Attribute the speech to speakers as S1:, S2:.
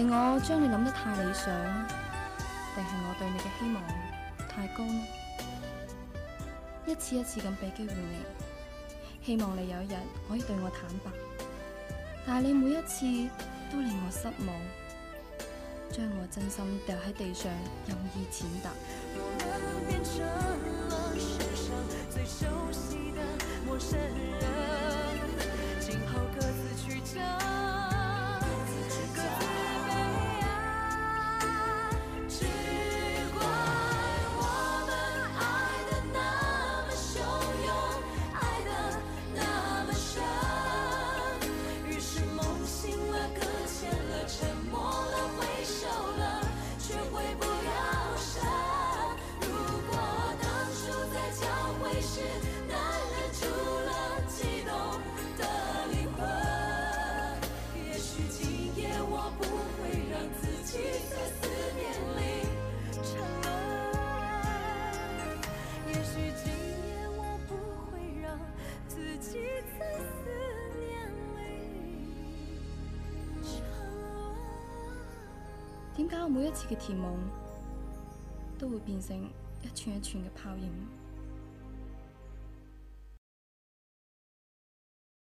S1: 定係我將你諗得太理想，定係我對你嘅希望太高呢？一次一次咁俾機會你，希望你有一日可以對我坦白，但係你每一次都令我失望，將我真心掉喺地上，任意踐踏。點解我每一次嘅甜夢都會變成一串一串嘅泡影？